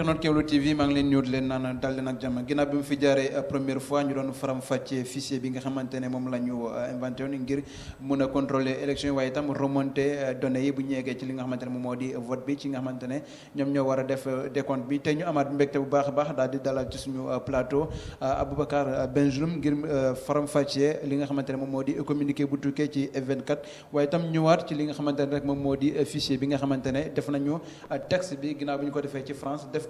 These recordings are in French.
internet Kéwoulo TV maa ngi leen ñëw di leen naan dal leen euh, ñu doon faram-fàccee fichier nga xamante ne euh, euh, bu ne moom moo di vote bu baax a baax daal di dalal ci suñu plateau Aboubacar Bengelloune ngir faram li nga xamante ne moom moo di communiqué bu tukkee ci F24 waaye itam ñëwaat ci li nga xamante ne rek moom moo di fichier bi nga xamante ne def nañu texte bi ginnaaw bi ñu ko defee ci France def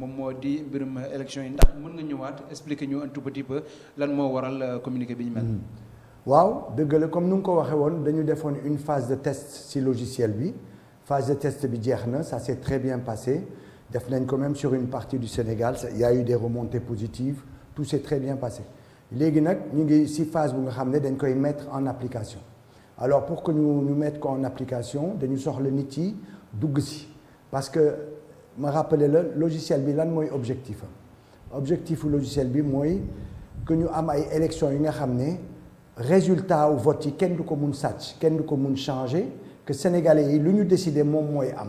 Je moo di ndax nga expliquer un petit peu lan mo waral euh, communiquer bi ñu mel. Hmm. comme nous avons ko nous une phase de test sur le logiciel bi phase de test bi ça s'est très bien passé Nous nañ même sur une partie du Sénégal il y a eu des remontées positives tout s'est très bien passé légui nak ñu ngi ci phase bu nga xamné dañ koy mettre en application alors pour que nous mettions en application nous avons le le dugg ci parce que ma rappelé le logiciel bi lan moy objectif am objectif logiciel bi moy que ñu am ay élections yi nga xamné résultat ou vote yi kenn du ko mun sàcc kenn du ko mun changer que sénégalais yi lu ñu décider moom moy am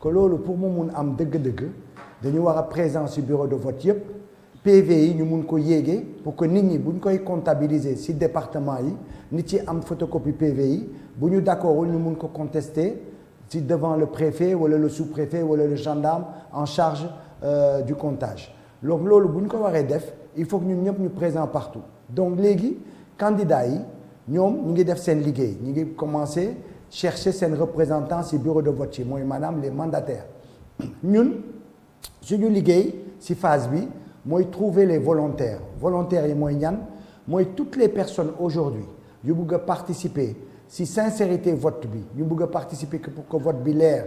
que lolu pour mu mun am deug deug dañu wara présence ci bureau de vote yëpp PV yi ñu mun ko yégué pour que nit ñi buñ koy comptabiliser ci département yi nit ci am photocopie PV yi bu ñu d'accordul ñu mun ko contester c'est devant le préfet ou le sous-préfet ou le gendarme en charge euh, du comptage. Donc ce que ko il faut que nous soyons présents partout donc les candidats nous, nous commencer à def seen représentants chercher ces représentants, ces bureau de vote Moi et madame, les mandataires ñun nous phase trouver les volontaires volontaires et moyens, nous toutes les personnes aujourd'hui yu participer si sincérité vote bi ñu bëgg participer participer pour que vote bi leer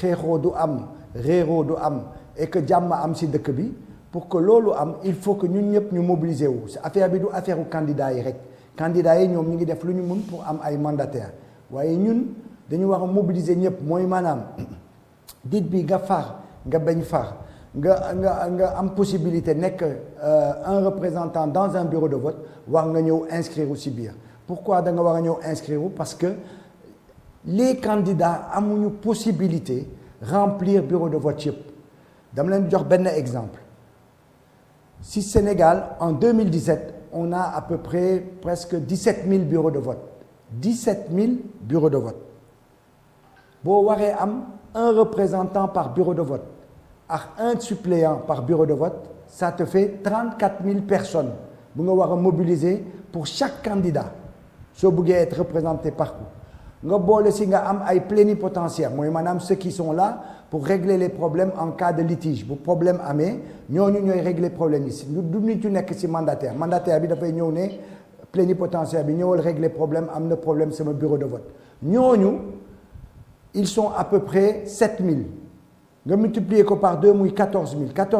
xéro du am réro du am et que jamm am ci dëkk bi pour que lolu am il faut que ñun ñëpp ñu mobiliser wu c'est affaire bi du affaire au candidat yi rek candidat yi ñom ñi ngi def lu ñu mun pour am ay mandataire waye ñun dañu wax mobiliser ñëpp moy manam dit bi nga far nga bañ far nga nga nga am possibilité nekk euh, un représentant dans un bureau de vote war nga ñëw inscrire aussi bien pourquoi nous inscrire parce que les candidats une possibilité remplir bureau de vote Je vais vous donner exemple si Sénégal en 2017 on a à peu près presque 17 000 bureaux de vote 17 000 bureaux de vote Si vous un représentant par bureau de vote un suppléant par bureau de vote ça te fait 34 000 personnes Vous nga mobiliser pour chaque candidat ce qui être représenté partout nga boole si nga am ay plénipotentiaires ceux qui sont là pour régler les problèmes en cas de litige problèmes, problème amé, nous problèmes. régler problème problèmes. si du nit ñu les mandataires. mandataire mandataire bi dafay ñëw Nous plénipotentiaire bi ñëwal régler problème problème problème mon bureau de vote Nous ils sont à peu près 7 000. Nous multiplions par deux 000. 14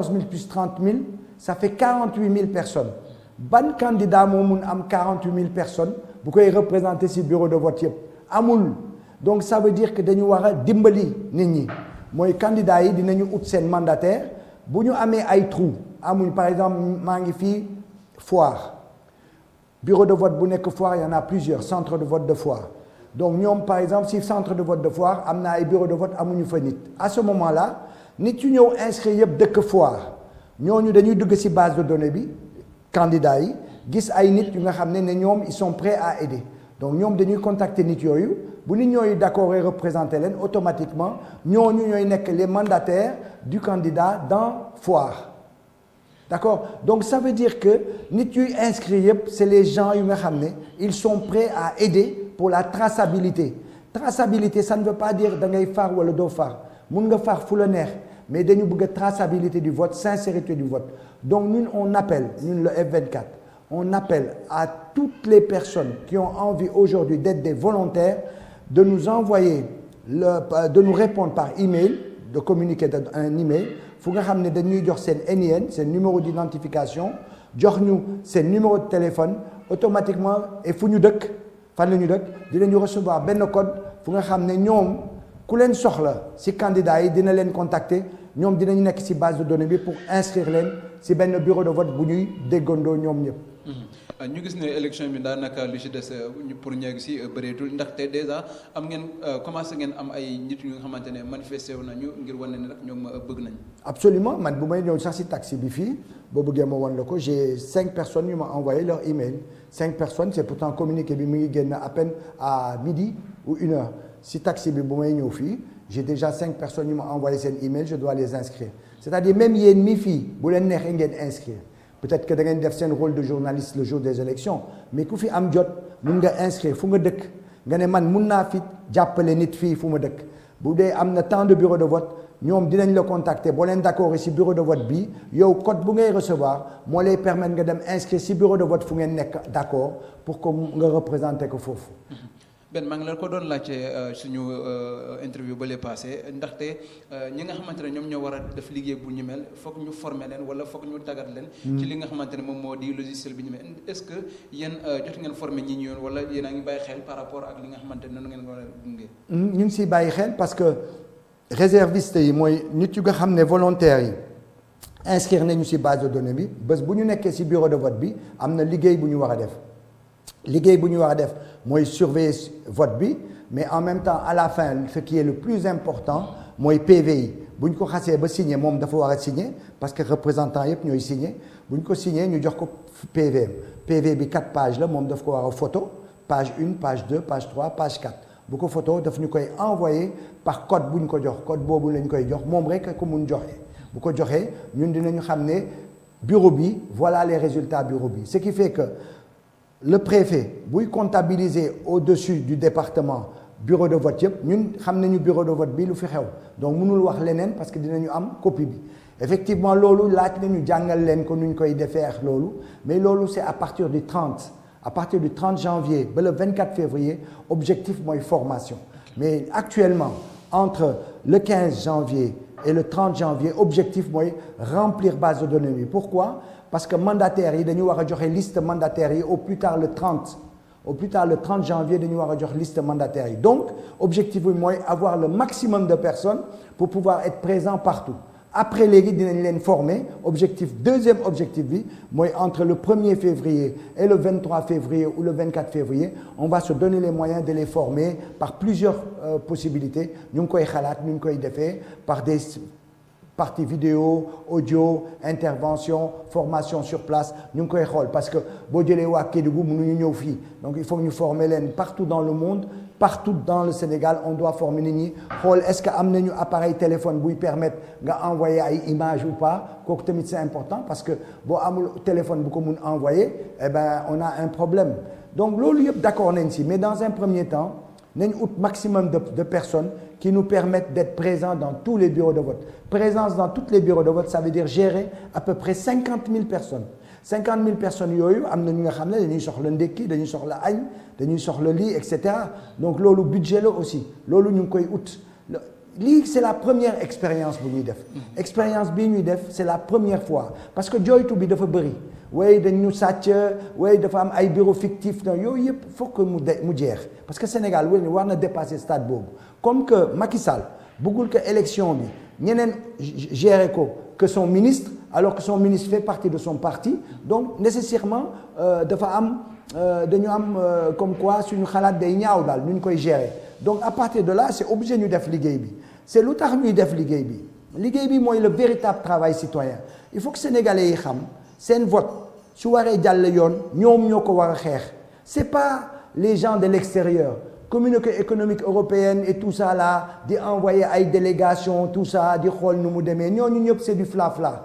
000 plus 30000 ça fait 48 000 personnes ban candidat nous avons am 48000 personnes. Vous représenter représenter ce bureau de vote Amoul. donc ça veut dire que dañu war dimbali nit ñi mooy candidat yi dinañu ut seen mandataire Si nous avons ay trou par exemple maa foire bureau de vote Il foire y en a plusieurs centre de vote de foire donc nous, par exemple si centre de vote de foire amna un ay bureau de vote amuñu fa à ce moment là nit yu vous inscrit de que foire ñooñu dañuy dugg ci base de données bi candidat gis ay nit yu nga ils sont prêts à aider donc ñoom dañuy contacter nit yooyu bu nit ñooyu d'accord représenter leen automatiquement ñooñu ñooy nekk les mandataires du candidat dans foire d'accord donc ça veut dire que nit yuy inscrit c'est les gens yu nga xam ils sont prêts à aider pour la traçabilité traçabilité ça ne veut pas dire da ngay far wala doo far mun nga far fu la neex mais dañu bëgg traçabilité du vote sincérité du vote donc nous, on appelle ñun le F24 on appelle à toutes les personnes qui ont envie aujourd'hui d'être des volontaires de nous envoyer, euh, de nous répondre par email, de communiquer un email. faut que xam dañuy jox seen c'est numéro d'identification. nous c'est numéro de téléphone automatiquement et faut que nous fan la code Il nga que nous nous ku leen soxla candidat yi dina leen contacter nous dinañu une base de données pour inscrire leen si le bureau de vote vous ñuy euh, ñu gis ne élection bi daanaka lu ci euh, ñu pour ñu egg si euh, bëreetul ndaxte dèjà am ngeen commencé ngeen am ay nit ñu nga xamante ne manifesté wu nañu ngir wane ne rek ñoom bëgg nañ. absolument man bu may ñëw sax si taxi bi fii boo bëggee ma wan la ko j'ai cinq personnes ñu ma envoyé leur email cinq personnes c'est pourtant communiqué bi mu ngi génn à peine à midi ou une heure si taxi bi bu may ñëw fii j'ai déjà cinq personnes ñu ma envoyé seen email je dois les inscrire c'est-à-dire même yéen mi fii bu leen neexee ngeen inscrire peut-être que da ngeen def rôle de journaliste le jour des élections mais ku fi am jot mun nga inscrire fu nga dëkk nga ne man mun naa fi jàppale nit fii fu ma dëkk bu dee am na tant de bureau de vote ñoom dinañ la contacter boo leen d'accord ici, bureau de vote bi yow code bu ngay recevoir moo lay permettre nga dem inscrire ci bureau de vote fu ngeen nekk d'accord pour que nga représenter ko foofu ben mang la ko doon laajte euh, suñu euh, interview ba lee passé ndaxte euh, ñi nga xamante ñom ñoo wara a def liggéey bu ñu mel fokk ñu former leen wala fokk ñu tàggat leen. Hmm. ci li nga xamante mom moom di logiciel bi ñu mel est-ce que yéen jot ngeen former ñi ñu yoon wala yéen nga ngi bàyyi xel par rapport ak li nga xamante ne ngeen war a dundee. Hmm, ñu ci siy xel parce que réserviste yi mooy nit yu nga xamné ne volontaires yi. inscrire nañu ci base de données bi bës bu ñu nekkee ci bureau de vote bi amna na liggéey bu ñu war def liggéey bu ñu war def moi, il surveille votre vie mais en même temps, à la fin, ce qui est le plus important, le PVI Si ko signé parce que représentant représentants, signer, signé Le PV PV quatre pages là, moi, daf photo page 1, page 2, page 3, page 4. Beaucoup ko photo par code code bureau voilà les résultats bureau B. ce qui fait que le préfet vous comptabiliser au-dessus du département bureau de vote nous ñun que bureau de vote bi lu fi donc mënul wax parce que dinañu am copie effectivement nous avons nañu ko mais c'est à partir du 30 à partir du 30 janvier le 24 février objectif moyen formation mais actuellement entre le 15 janvier et le 30 janvier objectif moyen remplir base de données pourquoi parce que mandataire, il y a une liste mandataire, au plus tard le 30 au plus tard le 30 janvier il y a une liste mandataire. donc objectif est avoir le maximum de personnes pour pouvoir être présent partout après les dinañ informés, former objectif deuxième objectif entre le 1er février et le 23 février ou le 24 février on va se donner les moyens de les former par plusieurs euh, possibilités Nous par des partie vidéo audio intervention formation sur place nous avons parce que on donc il faut nous former partout dans le monde partout dans le Sénégal on doit former les gens. est-ce que a un appareil téléphone qui permettre d'envoyer envoyer image ou pas c'est important parce que si amul téléphone un téléphone qui envoyer eh ben on a un problème donc loolu est d'accord Nancy, mais dans un premier temps nous avons un maximum de, personnes qui nous permettent d'être présents dans tous les bureaux de vote. Présence dans tous les bureaux de vote, ça veut dire gérer à peu près 50 000 personnes. 50 000 personnes, il y a eu, nous avons eu, nous avons eu, nous avons eu, nous avons sur la avons eu, nous avons eu, un etc. Donc ce qui nous avons c'est la première expérience bu ñuy expérience bii ñuy def c'est la première fois parce que joy bi dafa bëri Oui de ñu sàcc Oui de am ay bureau fictif dans yo il faut que nous de mu parce que Sénégal on war na dépasser stade bob comme que Macky Sall l'élection, que élection bi ni gérer que son ministre alors que son ministre fait partie de son parti donc nécessairement euh, de am euh, dañu am euh, comme quoi suñu xalaat day ñaaw dal ñu koy gérer donc à partir de là c'est obligé ñu def liggéey bi c'est est lu tax ñuy def liggéey bi liggéey bi mooy le véritable travail citoyen il faut que sénégalais yi xam seen vote su waree jàll yoon ñoom ñoo ko war a xeex c' pas les gens de l'extérieur, extérieur communauté économique européenne et tout ça là di envoyer ay délégation tout ça di xool nu mu demee ñooñu ñëpp c' est du flafla fla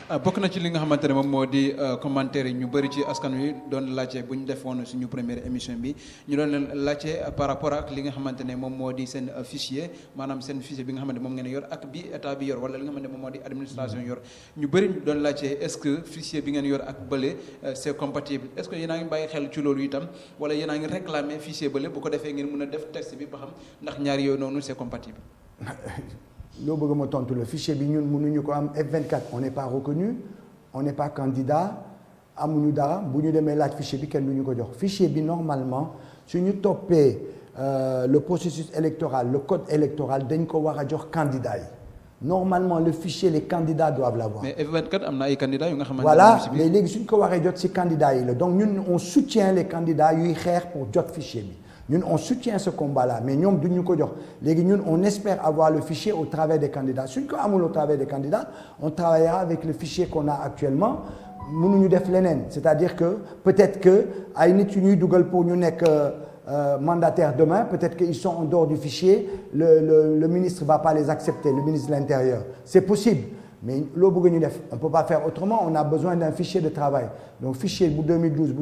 Euh, bokk na ci li nga xamante ne moom moo di euh, commentaire yi ñu bëri ci askan wi doon laajte bu ñu defoon suñu première émission bi ñu doon leen laajte par rapport ak li nga xamante ne moom moo di seen euh, fichier maanaam seen fichier bi nga xamante moom ngeen yor ak bi état bi yor wala li nga xamante moom moo di administration yor ñu bëri doon laajte est-ce que fichier bi ngeen yor ak bële c'est compatible est-ce que yéen a ngi bàyyi xel ci loolu itam wala yéen a ngi réclamer fichier bële bu ko defee ngeen mën a def texte bi ba xam ndax ñaar yooyu noonu c'est compatible Nous bëgg tout tontu la fichier bi ñun mënuñu ko am F24 on n'est pas reconnu on n'est pas candidat amuñu dara bu ñu demee laaj fichier bi kenn du ñu ko jox fichier bi normalement su ñu euh, le processus électoral le code électoral dañ ko wara jox candidat yi normalement le fichier les candidats doivent l'avoir. mais F24 amna ay candidats yu nga xamante voilà mais léegi suñ ko waree jot ci candidats yi donc ñun on soutient les candidats yu xeex pour jot fichier bi. Nous, on soutient ce combat là mais nous, on espère avoir le fichier au travers des candidats Si nous au travers des candidats on travaillera avec le fichier qu'on a actuellement mënuñu def c'est-à-dire que peut-être que à une étude Google nous sommes mandataire demain peut-être qu'ils sont en dehors du fichier le ministre le ministre va pas les accepter le ministre de l'Intérieur c'est possible mais on ne peut pas faire autrement on a besoin d'un fichier de travail donc fichier 2012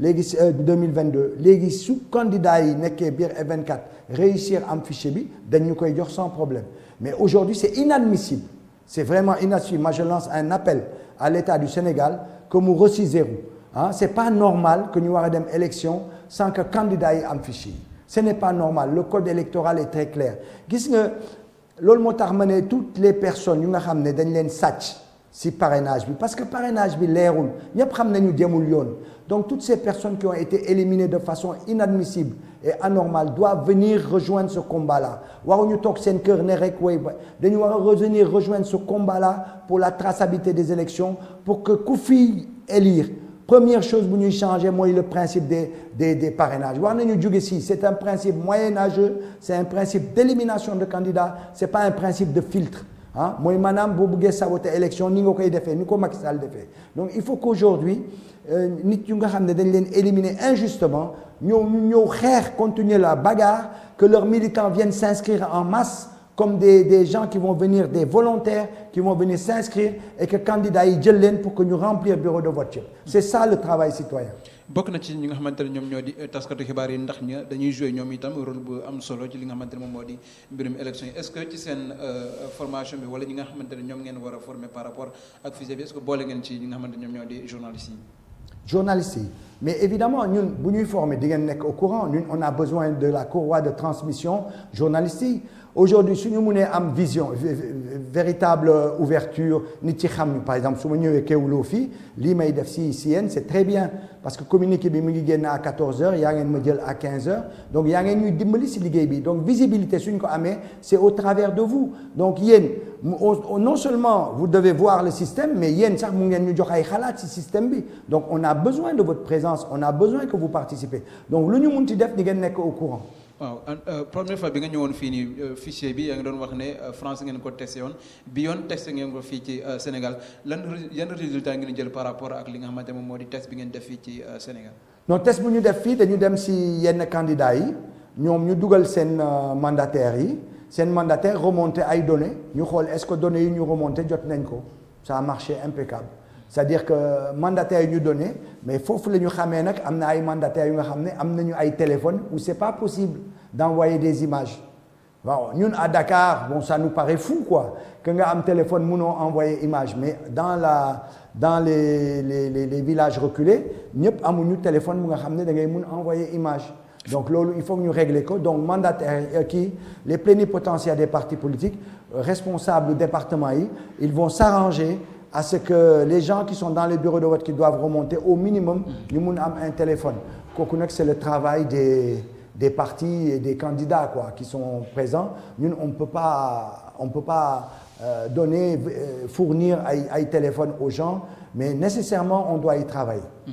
2022 les sous candidat yi 24 e réussir am fichier bi dañ sans problème mais aujourd'hui c'est inadmissible c'est vraiment inadmissible moi je lance un appel à l'État du Sénégal que nous recisez Ce hein, n'est c'est pas normal que nous war une élection sans que candidat ait un fichier ce n'est pas normal le code électoral est très clair loolu moo tax toutes les personnes nous nga xam ne dañ leen sàcc parrainage bi parce que parrainage bi leerul ñëpp xam nous demul yoon donc toutes ces personnes qui ont été éliminées de façon inadmissible et anormale doivent venir rejoindre ce combat là waruñu toog seen kër ne rek way ba revenir rejoindre ce combat là pour la traçabilité des élections pour que ku fi élire première chose vous nous changer moi le principe des des des parrainages nous que si c'est un principe moyenâgeux c'est un principe d'élimination de candidats c'est pas un principe de filtre ah mooy Madame boo bëggee saboter élection ni nga koy ni ko Macky Sall defee donc il faut qu'aujourd'hui euh, nit yu nga xam dañ leen éliminer injustement nous ni continuer la bagarre que leurs militants viennent s'inscrire en masse comme des, des, gens qui vont venir, des volontaires qui vont venir s'inscrire et que candidats yi jël pour que nous remplissions le bureau de voiture. c'est ça le travail citoyen. bokk na ci ñi nga xamante ne ñoom ñoo di euh, taskatu xibaar yi ndax ña dañuy jouer ñoom itam rôle bu am solo ci li nga xamante ne moom moo di mbirum élection est-ce que ci seen euh, formation bi wala ñi nga xamante ne ñoom ngeen war a former par rapport ak FISA bi est-ce que boole ngeen ci ñi nga xamante ne ñoom ñoo di journalistes journalistes mais évidemment ñun bu ñuy former di ngeen nekk au courant ñun on a besoin de la courroie de transmission journalistique aujourd'hui si nous avons une vision véritable ouverture par exemple si nous avons une fii nous may def c'est très bien parce que communiqué bi à 14h y a un modèle à 15h donc il y ñuy dimbali donc visibilité c'est au travers de vous donc non seulement vous devez voir le système mais il y a ñu système donc on a besoin de votre présence on a besoin que vous participez donc nous, ñu mun def au courant la euh, première fois bi nga ñëwone fini, ni euh, fichier bi yaa doon wax euh, France ngeen ko testé bi testé ngeen Sénégal lan résultat par rapport ak li nga test bi ngeen def fi ci Sénégal. non test bu ñu def fi dañu dem si yenn candidat yi ñom ñu duggal sen mandataire yi sen mandataire remonté ay données ñu xol est-ce que données yi remonté jot nañ ça a marché impeccable c'est-à-dire que mandataires nous est donné mais faut que nous nous sachions am na ay mandataires yu nga xam téléphones où c'est pas possible d'envoyer des images Nous, à Dakar bon ça nous paraît fou quoi que nga un téléphone mënoo des image mais dans la dans les les les, villages reculés avons un téléphone nous nga xam des da donc il faut que nous réglions donc mandataires euh, qui, les plénipotentiaires des partis politiques euh, responsables du département, ils vont s'arranger à ce que les gens qui sont dans les bureaux de vote qui doivent remonter au minimum ils mun un téléphone c'est le travail des partis et des candidats quoi qui sont présents Nous, on peut pas on peut pas euh, donner euh, fournir un téléphone aux gens mais nécessairement on doit y travailler. Mm-hmm.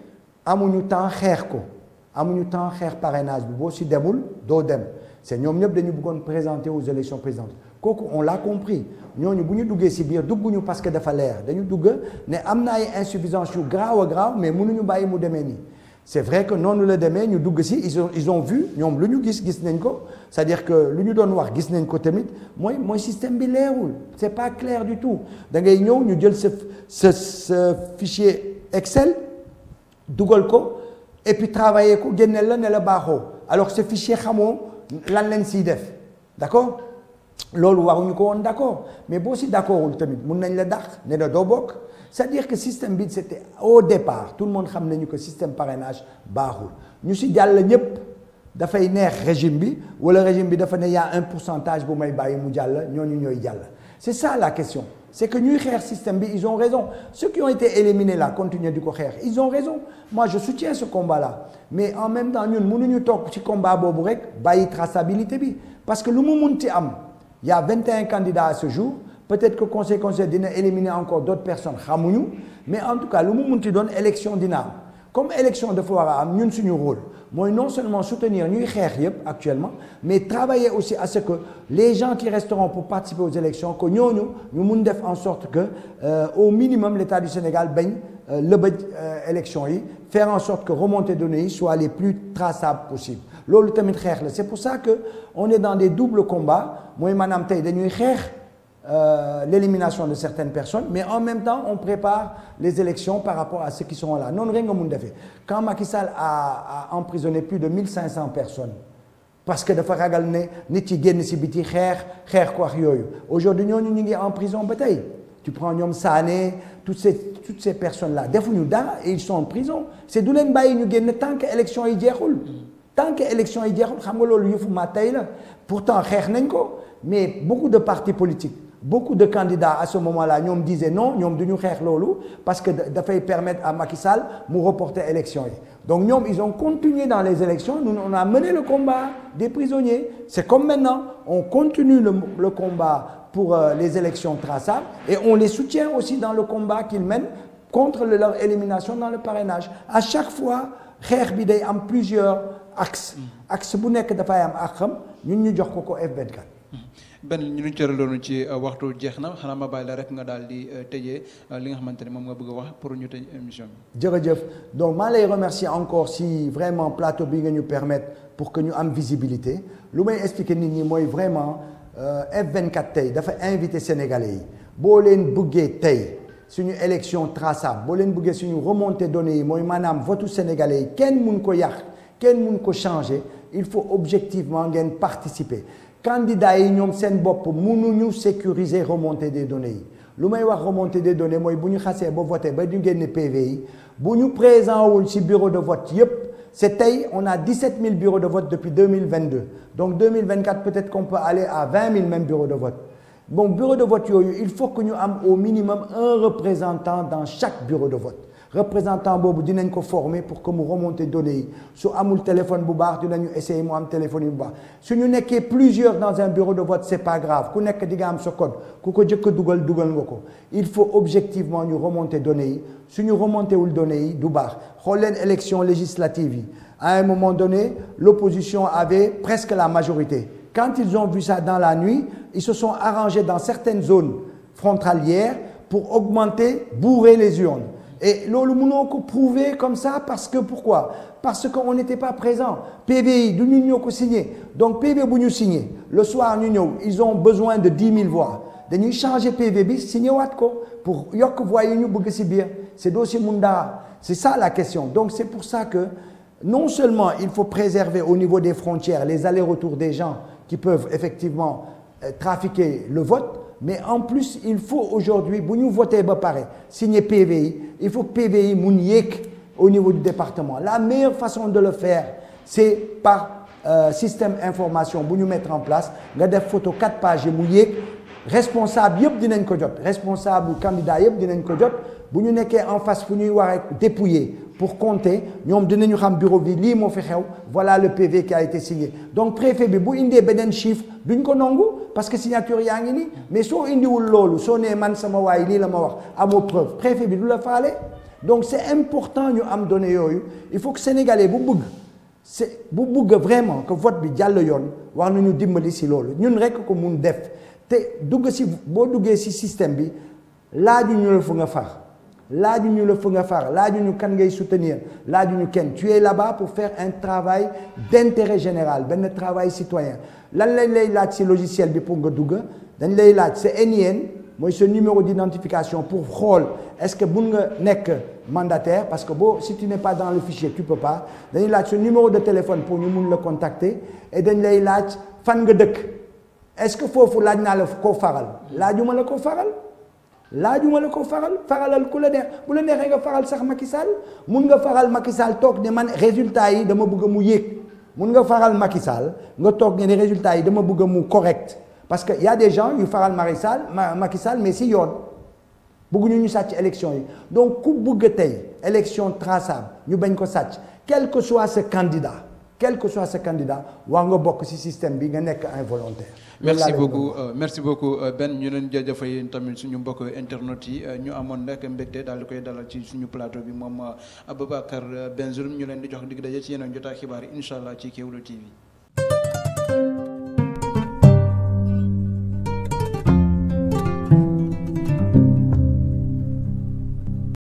amuñu temps xeex ko amuñu temps xeex parrainage bi boo si demul doo dem c'est ñoom ñëpp dañu bëggoon présenter aux élections présidentielles kooku on l'a compris ñooñu bu ñu duggee si biir dugguñu parce que dafa leer dañu dugg ne am na ay insuffisance yu graaw a graaw mais mënuñu bàyyi mu demee nii c'est vrai que noonu la demee ñu dugg si ils ont ils ont vu ñoom lu ñu gis gis nañ ko c'est-à-dire que lu ñu doon wax gis nañ ko tamit mooy mooy système bi leerul c'est pas clair du tout da ngay ñëw ñu jël sa sa sa fichier Excel dugal ko et puis travailler ko génneel la ne la baxo alors ce fichier xamo lan len siy def d'accord loolu waruñu ko woon d'accord mais boo si ul tamit mun nañ la dakh ne la doo c'est-à-dire que système bi c'était au départ tout le monde xam nañu que système parrainage baaxul ñu si ñep le fay neex régime bi wala régime bi dafa ne y un pourcentage bu may baye mu jàll ñooñu ñoy c'est ça la question c'est que nous, le système ils ont raison ceux qui ont été éliminés là continuent du ko ils ont raison moi je soutiens ce combat là mais en même temps nous nous toog ci combat boobu rek la traçabilité parce que nous, mu il y a 21 candidats à ce jour peut-être que conseil conseil d'éliminer encore d'autres personnes mais en tout cas nous mu munti élection comme élection de Fouara, nous avons un rôle non seulement soutenir ñuy actuellement mais travailler aussi à ce que les gens qui resteront pour participer aux élections que nous. Nous devons en sorte que euh, au minimum l'État du Sénégal le euh, l'élection euh, élection faire en sorte que remontée données soient les plus traçables possibles c'est pour ça que on est dans des doubles combats mooy madame Tay, dañuy euh, l'élimination de certaines personnes, mais en même temps, on prépare les élections par rapport à ceux qui sont là. Non, Quand Macky Sall a, emprisonné plus de 1500 personnes, parce que de faire ne nit yi génn si aujourd'hui on est en prison tu prends ñoom Sane toutes ces toutes ces personnes là et ils sont en prison c'est d'où leen nous ñu tant que élections yi jeexul tant que élections yi jeexul xam nga loolu yëfu pourtant mais beaucoup de partis politiques beaucoup de candidats à ce moment-là disaient non nous du ñu parce que fait permettre à Macky Sall reporter l'élection. donc ils ont continué dans les élections nous on a mené le combat des prisonniers c'est comme maintenant on continue le, combat pour euh, les élections traçables et on les soutient aussi dans le combat qu'ils mènent contre leur élimination dans le parrainage à chaque fois il bi plusieurs axes axe bu am ñun ñu jox ko ben ñu luñ cëraloonu ci euh, waxtu jeex na xanaa ma bàyyi la rek nga daal di euh, tëjee euh, li nga xamante ne moom nga bëgg a wax pour ñu tëj émission bi. jërëjëf donc maa lay remercier encore si vraiment plateau bi nga ñu permettre pour que ñu am visibilité lu may expliquer nit ñi mooy vraiment F24 tey dafa invité sénégalais yi boo leen bëggee tey. suñu élection traçable boo leen bëggee suñu remontée données yi mooy maanaam votu sénégalais yi kenn mun ko yàq kenn mun ko changer il faut objectivement participer candidat et ñoom nous nous sécuriser remonter des données yi may wax des données moy buñu xasse bo ba présent ci bureau de vote Yep, c'est on a 17 000 bureaux de vote depuis 2022 donc 2024 peut-être qu'on peut aller à 20 000 même bureaux de vote bon bureau de vote il faut que ñu au minimum un représentant dans chaque bureau de vote représentant représentants dinañ ko pour que mu remonter données Sur su amul téléphone bu baax essayer mu am téléphone bu baax su plusieurs dans un bureau de vote c'est pas grave ku nekk di am code ku ko il faut objectivement remonter remonter données Si su ñu remonter wul données yi du baax élection législative à un moment donné l'opposition avait presque la majorité quand ils ont vu ça dans la nuit ils se sont arrangés dans certaines zones frontalières pour augmenter bourrer les urnes et nous nous prouver comme ça parce que pourquoi parce qu'on n'était pas présent PV nous du signé donc PV nous signé le soir nous union ils ont besoin de 10 000 voix Nous changer PV bi signé pour que voye ñu c'est dossier Munda c'est ça la question donc c'est pour ça que non seulement il faut préserver au niveau des frontières les allers-retours des gens qui peuvent effectivement euh, trafiquer le vote mais en plus, il faut aujourd'hui, si nous votez pareil, signer PVI, il faut PVI mouniek au niveau du département. La meilleure façon de le faire, c'est par euh, système information, vous nous mettre en place, des photo 4 pages mouillées, responsable yëpp dinañ ko jot responsable candidat yëpp dinañ ko jot bu ñu nekkee en face fu ñuy war dépouiller pour compter ñoom dinañu xam bureau bi li mo fi xew voilà le PV qui a été signé donc préfet bi bu indé beneen chiffre duñ ko nongu parce que signature yaa ni. mais soo indiwul lolu so né man sama way li la ma wax amoo preuve préfet bi du la faale donc c'est important ñu am donné yoyu il faut que sénégalais bu bëgg c'est bu bëgg vraiment que vote bi jàll yoon war nañu dimbali ci lolu ñun rek ko mun def te si système bi nous ñu le fu nga far laaju ñu le fu nga far laaju ñu kan ngay soutenir laaju ñu tu es là-bas pour faire un travail d'intérêt général un travail citoyen Là, c'est lay logiciel pour nga faire, dañ lay NIN c'est ce numéro d'identification pour voir est-ce que mandataire parce que si tu n'es pas dans le fichier tu peux pas Tu as le numéro de téléphone pour ñu mun le contacter et dañ lay laaj fan nga est-ce que foofu laaj naa la ko faral laajuma la ko faral laajuma la ko faral faralal ku la neex bu la neexee nga faral sax Macky Sall mun nga faral Macky Sall toog ne man résultat yi dama bëgg mu yéeg mun nga faral Macky Sall nga toog ne résultat yi dama bëgg mu correct parce que y a des gens yu faral Macky Sall Macky Sall mais si yoon bëgguñu ñu sàcc élection yi donc ku bëgg tey élection traçable ñu bañ ko sàcc quel que soit ce candidat quel que soit ce candidat war nga bokk ci système bi nga nekk involontaire euh, merci beaucoup merci euh, beaucoup Ben ñu leen jaajëfa yéen tamit suñu mbokk internet yi euh, ñu amone nak mbégte dal koy dalal ci suñu plateau bi moom Aboubacar Benzoum ñu leen di jox dig dajé ci yeen jotaa xibaar inshallah ci Kéwoulo TV